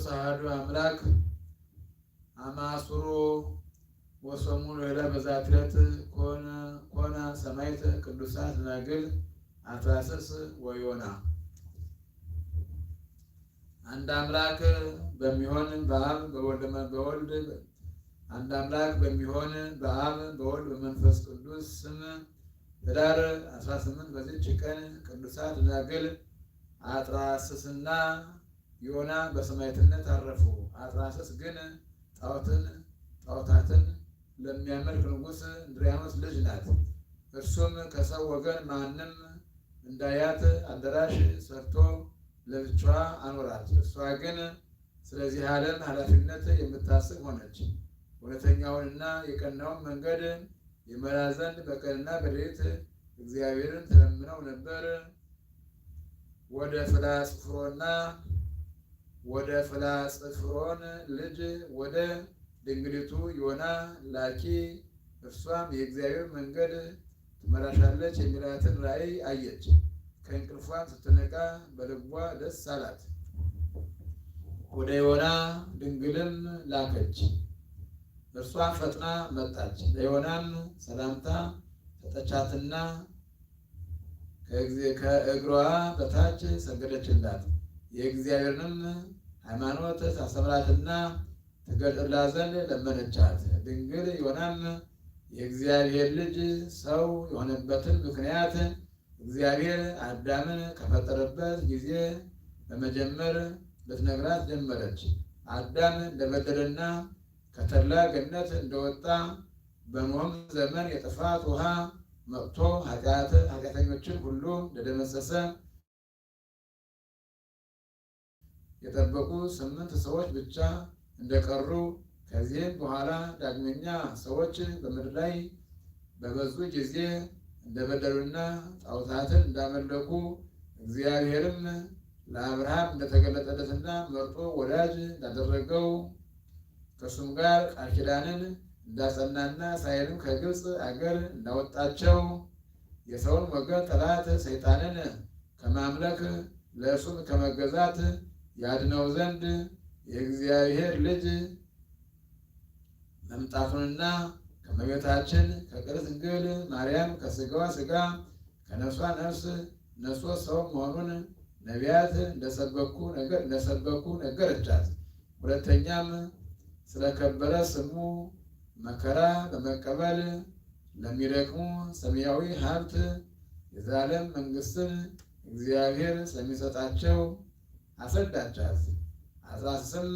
ቅዱስ አሐዱ አምላክ አማስሩ ወሰሙ ሌላ በዛትረት ኮነ ሰማይተ ቅዱሳት ናግል አትራስስ ወዮና አንድ አምላክ በሚሆን በአብ በወልድ በወልድ አንድ አምላክ በሚሆን በአብ በወልድ በመንፈስ ቅዱስ ስም ህዳር 18 በዚች ቀን ቅዱሳት ደናግል አትራስስና ዮና በሰማዕትነት አረፉ። አጥናስስ ግን ጣዖትን ጣዖታትን ለሚያመልክ ንጉሥ እንድሪያኖስ ልጅ ናት። እርሱም ከሰው ወገን ማንም እንዳያት አዳራሽ ሰርቶ ለብቻዋ አኖራት። እርሷ ግን ስለዚህ ዓለም ኃላፊነት የምታስብ ሆነች። እውነተኛውንና የቀናውን መንገድ ይመራ ዘንድ በቀንና በሌሊት እግዚአብሔርን ተለምነው ነበር። ወደ ፍላስፍሮና ወደ ፍላጽፍሮን ልጅ ወደ ድንግሊቱ ዮና ላኪ እርሷም የእግዚአብሔር መንገድ ትመራሻለች የሚላትን ራእይ አየች። ከእንቅልፏም ስትነቃ በልቧ ደስ አላት። ወደ ዮና ድንግልን ላከች። እርሷ ፈጥና መጣች። ለዮናም ሰላምታ ሰጠቻትና ከእግሯ በታች ሰገደችላት። የእግዚአብሔርንም ሃይማኖት ታስተምራትና ትገልጥላ ዘንድ ለመነቻት። ድንግል ዮናም የእግዚአብሔር ልጅ ሰው የሆነበትን ምክንያት እግዚአብሔር አዳምን ከፈጠረበት ጊዜ በመጀመር ልትነግራት ጀመረች። አዳም እንደበደለና ከተድላ ገነት እንደወጣ በኖኅም ዘመን የጥፋት ውሃ መጥቶ ኃጢአተኞችን ሁሉ እንደደመሰሰ የጠበቁ ስምንት ሰዎች ብቻ እንደቀሩ ከዚህም በኋላ ዳግመኛ ሰዎች በምድር ላይ በበዙ ጊዜ እንደበደሉና ጣዖታትን እንዳመለኩ እግዚአብሔርም ለአብርሃም እንደተገለጠለትና መርጦ ወዳጅ እንዳደረገው ከእሱም ጋር ቃል ኪዳንን እንዳጸናና እስራኤልም ከግብፅ አገር እንዳወጣቸው የሰውን ወገን ጠላት ሰይጣንን ከማምለክ ለእሱም ከመገዛት ያድነው ዘንድ የእግዚአብሔር ልጅ መምጣቱንና ከእመቤታችን ከቅድስት ድንግል ማርያም ከስጋዋ ስጋ ከነፍሷ ነፍስ ነሶ ሰው መሆኑን ነቢያት እንደሰበኩ ነገር እንደሰበኩ ነገረቻት። ሁለተኛም ስለከበረ ስሙ መከራ በመቀበል ለሚደክሙ ሰማያዊ ሀብት የዘላለም መንግስትን እግዚአብሔር ስለሚሰጣቸው አስረዳቻት። አሳስል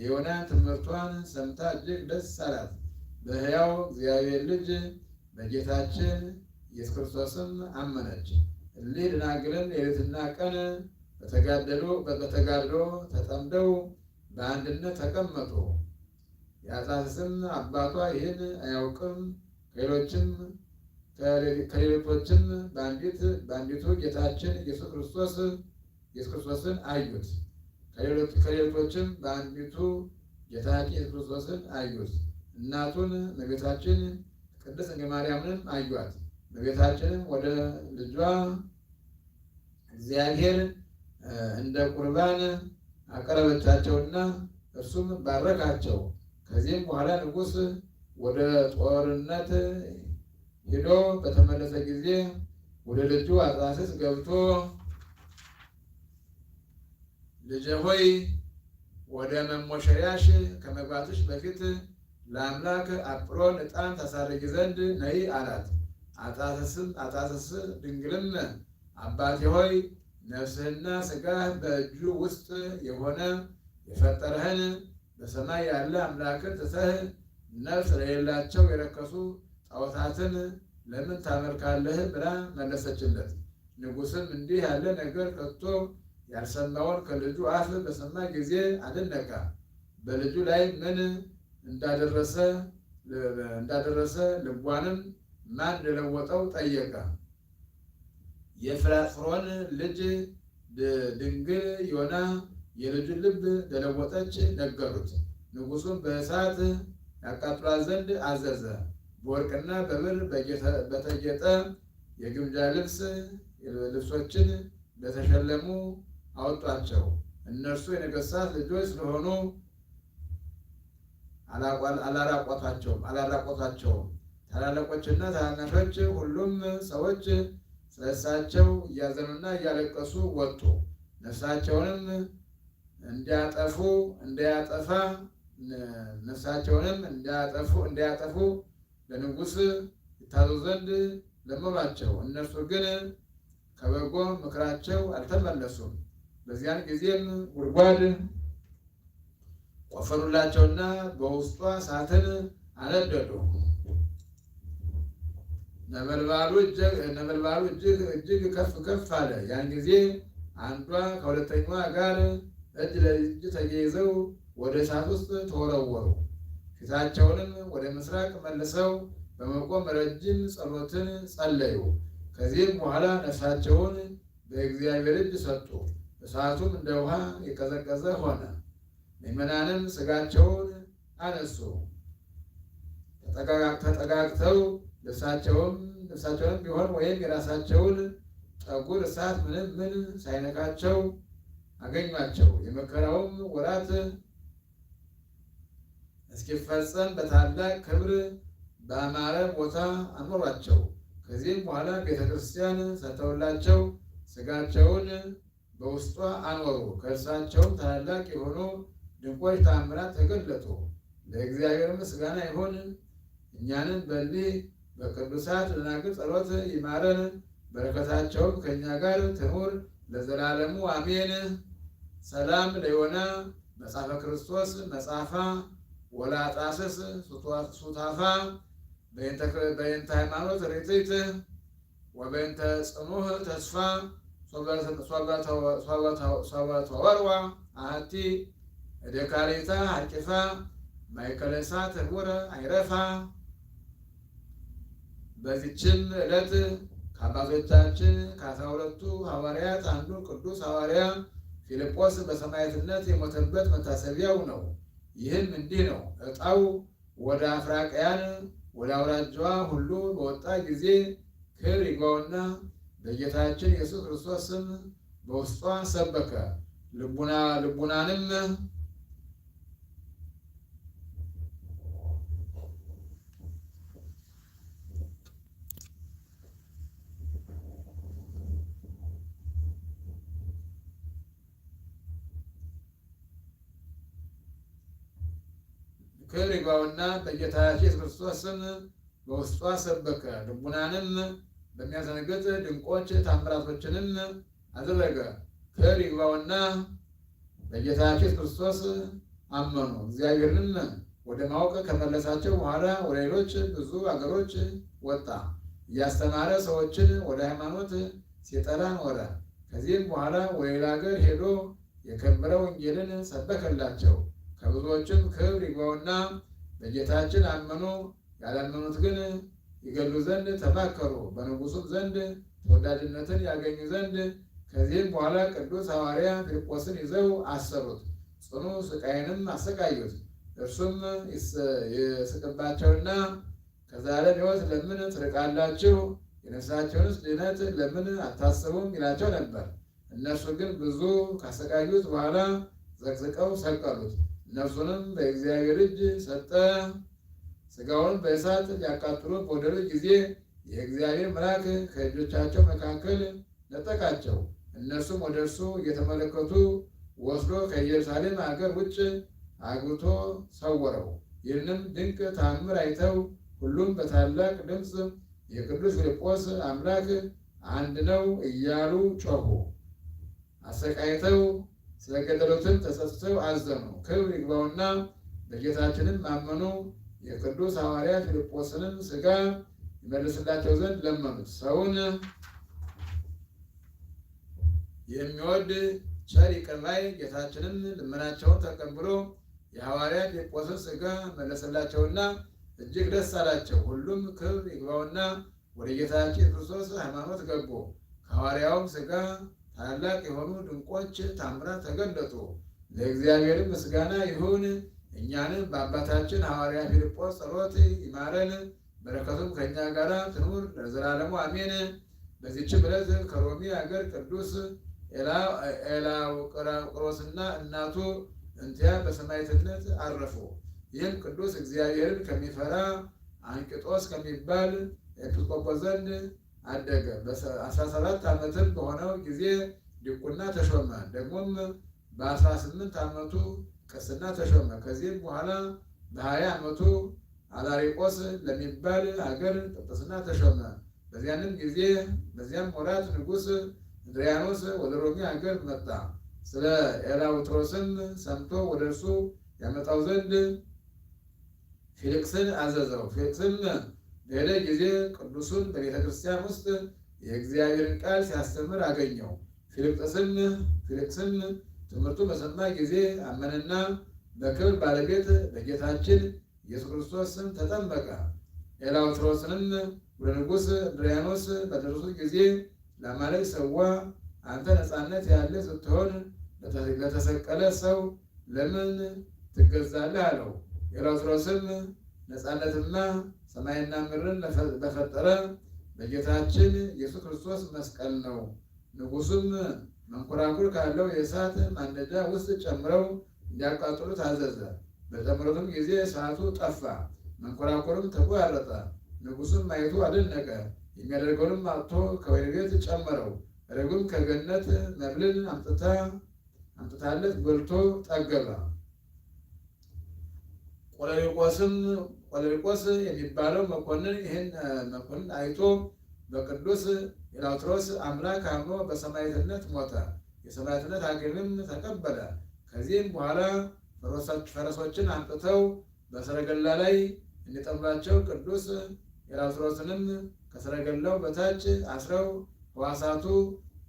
የሆነ ትምህርቷን ሰምታ እጅግ ደስ አላት። በሕያው እግዚአብሔር ልጅ በጌታችን ኢየሱስ ክርስቶስም አመነች። እሊህ ደናግልን ሌሊትና ቀን በተጋደሉ በተጋድሎ ተጠምደው በአንድነት ተቀመጡ። የአሳስም አባቷ ይህን አያውቅም። ከሌሎችም ከሌሎቶችም በአንዲት በአንዲቱ ጌታችን ኢየሱስ ክርስቶስ ኢየሱስ ክርስቶስን አዩት። ከሌሎችም በአንዲቱ ጌታችን ኢየሱስ ክርስቶስን አዩት። እናቱን እመቤታችን ቅድስት ድንግል ማርያምንም አዩት። እመቤታችንም ወደ ልጇ እግዚአብሔር እንደ ቁርባን አቀረበቻቸውና እርሱም ባረካቸው። ከዚህም በኋላ ንጉሥ ወደ ጦርነት ሄዶ በተመለሰ ጊዜ ወደ ልጁ አጥናስስ ገብቶ ልጄ ሆይ ወደ መሞሸሪያሽ ከመግባትሽ በፊት ለአምላክ አጵሮን ዕጣን ታሳርጊ ዘንድ ነይ አላት። አጣሰስ ድንግልም አባቴ ሆይ ነፍስህና ሥጋህ በእጁ ውስጥ የሆነ የፈጠረህን በሰማይ ያለ አምላክን ትተህ ነፍስ ለሌላቸው የረከሱ ጣዖታትን ለምን ታመልካለህ? ብላ መለሰችለት። ንጉሥም እንዲህ ያለ ነገር ከቶ ያልሰማውን ከልጁ አፍ በሰማ ጊዜ አደነቃ። በልጁ ላይ ምን እንዳደረሰ እንዳደረሰ ልቧንም ማን እንደለወጠው ጠየቀ። የፍራፍሮን ልጅ ድንግል ዮና የልጁን ልብ እንደለወጠች ነገሩት። ንጉሱን በእሳት ያቃጥላ ዘንድ አዘዘ። በወርቅና በብር በተጌጠ የግምጃ ልብስ ልብሶችን በተሸለሙ አወጧቸው። እነርሱ የነገሥታት ልጆች ስለሆኑ አላራቆታቸውም አላራቆታቸውም። ታላላቆችና ታናናሾች ሁሉም ሰዎች ስለሳቸው እያዘኑና እያለቀሱ ወጡ። ነፍሳቸውንም እንዲያጠፉ እንዳያጠፋ ነፍሳቸውንም እንዳያጠፉ እንዳያጠፉ ለንጉሥ ይታዙ ዘንድ ለመኗቸው። እነርሱ ግን ከበጎ ምክራቸው አልተመለሱም። በዚያን ጊዜም ጉድጓድ ቆፈሩላቸውና በውስጧ እሳትን አነደዱ። ነበልባሉ እጅግ ከፍ ከፍ አለ። ያን ጊዜ አንዷ ከሁለተኛዋ ጋር እጅ ለእጅ ተያይዘው ወደ እሳት ውስጥ ተወረወሩ። ፊታቸውንም ወደ ምስራቅ መልሰው በመቆም ረጅም ጸሎትን ጸለዩ። ከዚህም በኋላ ነፍሳቸውን በእግዚአብሔር እጅ ሰጡ። እሳቱም እንደ ውሃ የቀዘቀዘ ሆነ። ምዕመናንም ስጋቸውን አነሱ፣ ተጠጋግተው ልብሳቸውም ልብሳቸውን ቢሆን ወይም የራሳቸውን ጠጉር እሳት ምንም ምን ሳይነካቸው አገኟቸው። የመከራውም ወራት እስኪፈጸም በታላቅ ክብር በአማረ ቦታ አኖሯቸው። ከዚህም በኋላ ቤተ ክርስቲያን ሰጥተውላቸው ስጋቸውን በውስጧ አኖሩ። ከእርሳቸውም ታላላቅ የሆኑ ድንቆች ታምራት ተገለጡ። ለእግዚአብሔር ምስጋና ይሁን። እኛንን በእሊህ በቅዱሳት ደናግል ጸሎት ይማረን። በረከታቸውም ከእኛ ጋር ትኑር ለዘላለሙ አሜን። ሰላም ለሆነ መጽሐፈ ክርስቶስ መጽሐፋ ወላጣስስ ሱታፋ በይንተ ሃይማኖት ርጢት ወበይንተ ጽኑህ ተስፋ ሶበተወርዋ አሐቲ እደካሌታ ሀቂፋ ማይከለሳ እሳት አይረፋ። በዚችም ዕለት ከአባቶቻችን ከአስራ ሁለቱ ሐዋርያት አንዱ ቅዱስ ሐዋርያ ፊልጶስ በሰማዕትነት የሞተበት መታሰቢያው ነው። ይህም እንዲህ ነው። ዕጣው ወደ አፍራቅያን ወደ አውራጃዋ ሁሉ በወጣ ጊዜ ክብር ይግባውና በጌታችን ኢየሱስ ክርስቶስ ስም በውስጧ ሰበከ። ልቡና ልቡናንም ክብር ይግባውና በጌታችን ኢየሱስ ክርስቶስ ስም በውስጧ ሰበከ ልቡናንም በሚያዘነግጥ ድንቆች ታምራቶችንም አደረገ። ክብር ይግባውና ኢየሱስ ክርስቶስ አመኑ። እግዚአብሔርን ወደ ማወቅ ከመለሳቸው በኋላ ወደ ሌሎች ብዙ አገሮች ወጣ። እያስተማረ ሰዎችን ወደ ሃይማኖት ሲጠራ ኖረ። ከዚህም በኋላ ወደ ሌላ ሀገር ሄዶ የከበረ ወንጌልን ሰበከላቸው። ከብዙዎችም ክብር ይግባውና በጌታችን አመኑ። ያላመኑት ግን ይገሉ ዘንድ ተማከሩ። በንጉሱም ዘንድ ተወዳጅነትን ያገኙ ዘንድ ከዚህም በኋላ ቅዱስ ሐዋርያ ፊልጶስን ይዘው አሰሩት፣ ጽኑ ስቃይንም አሰቃዩት። እርሱም ይስቅባቸውና ከዛሬን ሕይወት ለምን ትርቃላችሁ? የነፍሳቸውንስ ድነት ለምን አታስቡም? ይላቸው ነበር። እነርሱ ግን ብዙ ካሰቃዩት በኋላ ዘቅዝቀው ሰቀሉት። እነርሱንም በእግዚአብሔር እጅ ሰጠ። ስጋውን በእሳት ሊያቃጥሉት በወደዱ ጊዜ የእግዚአብሔር መልአክ ከእጆቻቸው መካከል ነጠቃቸው። እነሱም ወደ እርሱ እየተመለከቱ ወስዶ ከኢየሩሳሌም አገር ውጭ አግብቶ ሰወረው። ይህንም ድንቅ ተአምር አይተው ሁሉም በታላቅ ድምፅ የቅዱስ ፊልጶስ አምላክ አንድ ነው እያሉ ጮኹ። አሰቃይተው ስለገደሉትም ተጸጽተው አዘኑ። ክብር ይግባውና በጌታችንም አመኑ። የቅዱስ ሐዋርያ ፊልጶስንም ሥጋ ይመልስላቸው ዘንድ ለመኑት። ሰውን የሚወድ ቸር ይቅር ባይ ጌታችንም ልመናቸውን ተቀብሎ የሐዋርያ ፊልጶስን ሥጋ መለስላቸውና እጅግ ደስ አላቸው። ሁሉም ክብር ይግባውና ወደ ጌታችን ክርስቶስ ሃይማኖት ገቡ። ከሐዋርያውም ሥጋ ታላላቅ የሆኑ ድንቆች ታምራት ተገለጡ። ለእግዚአብሔርም ምስጋና ይሁን። እኛንም በአባታችን ሐዋርያ ፊልጶስ ጸሎት ይማረን፣ በረከቱም ከእኛ ጋር ትኑር ለዘላለሙ አሜን። በዚች ዕለት ከሮሚ አገር ቅዱስ ኤላውቅሮስና እናቱ እንቲያ በሰማዕትነት አረፉ። ይህም ቅዱስ እግዚአብሔርን ከሚፈራ አንቂጦስ ከሚባል ኤጲስቆጶስ ዘንድ አደገ። በአስራ ሰባት ዓመትም በሆነው ጊዜ ዲቁና ተሾመ። ደግሞም በአስራ ስምንት ዓመቱ ቅስና ተሾመ። ከዚህም በኋላ በሀያ ዓመቱ አላሪቆስ ለሚባል ሀገር ጵጵስና ተሾመ። በዚያንም ጊዜ በዚያም ወራት ንጉሥ እንድሪያኖስ ወደ ሮሚ ሀገር መጣ። ስለ ኤላውትሮስም ሰምቶ ወደ እርሱ ያመጣው ዘንድ ፊልክስን አዘዘው። ፊልክስም በሄደ ጊዜ ቅዱሱን በቤተ ክርስቲያን ውስጥ የእግዚአብሔርን ቃል ሲያስተምር አገኘው። ፊልጵስን ፊልክስን ትምህርቱ በሰማ ጊዜ አመነና በክብር ባለቤት በጌታችን ኢየሱስ ክርስቶስ ስም ተጠመቀ። ኤላውትሮስንም ወደ ንጉሥ ብሪያኖስ በደረሱ ጊዜ ለአማልክት ሰዋ። አንተ ነፃነት ያለ ስትሆን ለተሰቀለ ሰው ለምን ትገዛለህ? አለው። ኤላውትሮስም ነፃነትና ሰማይና ምድርን ለፈጠረ በጌታችን ኢየሱስ ክርስቶስ መስቀል ነው። ንጉሱም መንኮራኩር ካለው የእሳት ማንደጃ ውስጥ ጨምረው እንዲያቃጥሉ ታዘዘ። በጨምረቱም ጊዜ እሳቱ ጠፋ፣ መንኮራኩርም ተቆራረጠ ንጉሱም ማየቱ አደነቀ። የሚያደርገውንም አጥቶ ከወይን ቤት ጨመረው። ርግብም ከገነት መብልን አምጥታለት በልቶ ጠገበ። ቆለሪቆስም ቆለሪቆስ የሚባለው መኮንን ይህን መኮንን አይቶ በቅዱስ ኤላትሮስ አምላክ አምኖ በሰማዕትነት ሞተ። የሰማዕትነት አገልግሎትም ተቀበለ። ከዚህም በኋላ ፈረሶችን አምጥተው በሰረገላ ላይ እንዲጠምዷቸው ቅዱስ ኤላትሮስንም ከሰረገላው በታች አስረው ህዋሳቱ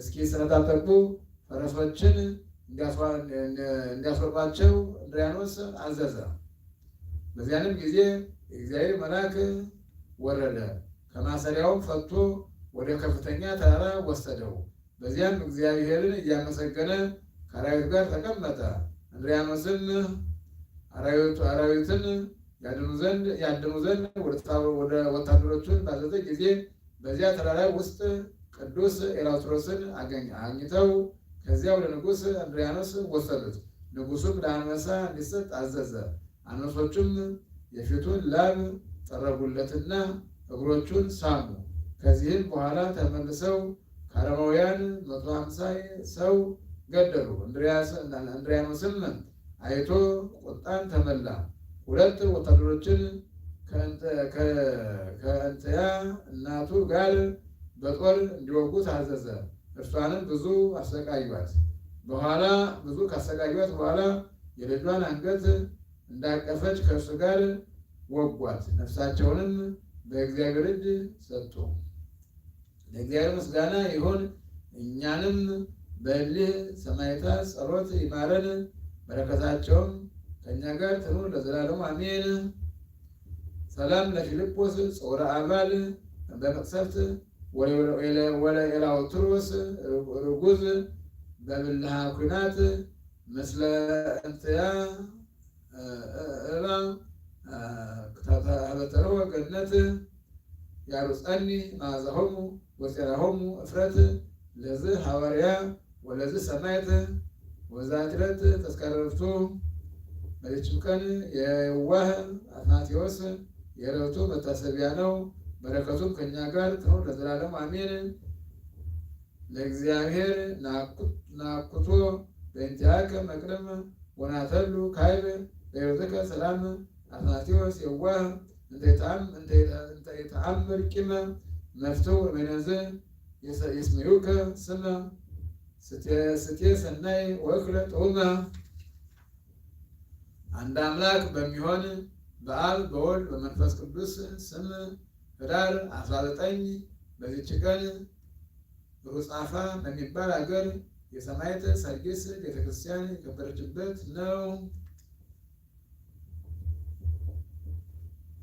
እስኪ ስለታጠቁ ፈረሶችን እንዲያስወርባቸው እንድሪያኖስ አዘዘ። በዚያንም ጊዜ የእግዚአብሔር መልአክ ወረደ። ከማሰሪያው ፈቶ ወደ ከፍተኛ ተራራ ወሰደው። በዚያም እግዚአብሔርን እያመሰገነ ከአራዊት ጋር ተቀመጠ። እንድርያኖስን አራዊትን ያድኑ ዘንድ ወደ ወታደሮቹን ባዘዘ ጊዜ በዚያ ተራራ ውስጥ ቅዱስ ኤራስጥሮስን አግኝተው ከዚያ ወደ ንጉሥ ወሰዱት። ንጉሱም ለአንበሳ እንዲሰጥ አዘዘ። አንበሶቹም የፊቱን ላብ ጠረጉለትና እግሮቹን ሳሙ። ከዚህም በኋላ ተመልሰው ከአረማውያን መቶ ሃምሳ ሰው ገደሉ። እንድሪያኖስም አይቶ ቁጣን ተመላ። ሁለት ወታደሮችን ከእንትያ እናቱ ጋር በጦር እንዲወጉ ታዘዘ። እርሷንም ብዙ አሰቃዩት። በኋላ ብዙ ካሰቃዩት በኋላ የልጇን አንገት እንዳቀፈች ከእርሱ ጋር ወጓት። ነፍሳቸውንም በእግዚአብሔር እጅ ሰጡ። ለእግዚአብሔር ምስጋና ይሁን። እኛንም በእልህ ሰማይታ ጸሎት ይማረን፣ በረከታቸውም ከእኛ ጋር ትኑር ለዘላለሙ አሜን። ሰላም ለፊልጶስ ጾረ አባል በመቅሰፍት ወለኤላውትሮስ ርጉዝ በብልሃ ኩናት ምስለ እንትያ በተርወ ገነት ያሩፀኒ ማዕዛሆሙ ወፄራሆሙ እፍረት ለዝ ሐዋርያ ወለዝ ሰማዕት ወዛትረት ተስካረ ዕረፍቱ። በዚችም ቀን የዋህ አትናቴዎስ የዕረፍቱ መታሰቢያ ነው። በረከቱም ከኛ ጋር ትኑር ለዘላለሙ አሜን። ለእግዚአብሔር ናኩቶ በእንቲአከ መቅደም ወናተሉ ካዕብ በሕይወትከ ሰላም አትናቴዎስ የዋህ እንተ ይተአምር ቂመ መፍትሑ ወበነዘ ይስምዑከ ስመ ስቴ ሰናይ ወእክለ ጦመ። አንድ አምላክ በሚሆን በአብ በወልድ በመንፈስ ቅዱስ ስም ህዳር 19 በዚች ቀን ሩጻፋ በሚባል አገር የሰማዕት ሰርጊስ ቤተክርስቲያን የከበረችበት ነው።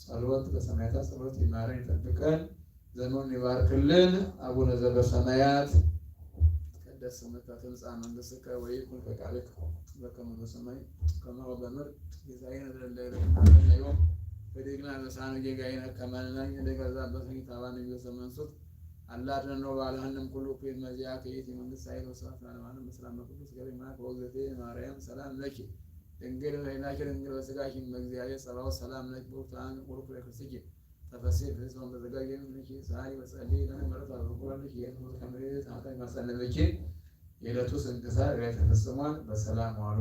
ጸሎት በሰማያታ ጸሎት ይማረን ይጠብቀን፣ ዘመኑን ይባርክልን። አቡነ ዘበሰማያት ይትቀደስ ስምከ ትምጻእ መንግሥትከ ወይኩን ፈቃድከ በከመ በሰማይ ከማሁ በምድር ጌታዬን ዘለለዕለትነ ሀበነ ዮም ወኅድግና ነሣእነ ጌጋየነ ከመ ንሕነኒ እንገዛበት ኢታባን እንግሥተ መንሱት አላ አድኅኖ ኩሉ ኩል መዚያ ከይእቲ መንግሥት ኃይል ወስብሐት ለዓለማንም በሰላም በቅዱስ ገብረ ማርያም ወእግዝእትየ ማርያም ሰላም ለኪ ድንግል ወይናኪ ድንግል በስጋኪን በእግዚአብሔር ጸባው ሰላም ነች ቡርታን ቁርቁ ለክርስኪ ተፈሴ ፍጹም በዘጋጅ ምንኪ ሳሪ በጸልይ ለነበረት አድርጓልች የህሙት ከምሬት አንተን ማሰለመችን የዕለቱ ስንክሳር ተፈጽሟል። በሰላም ዋሉ።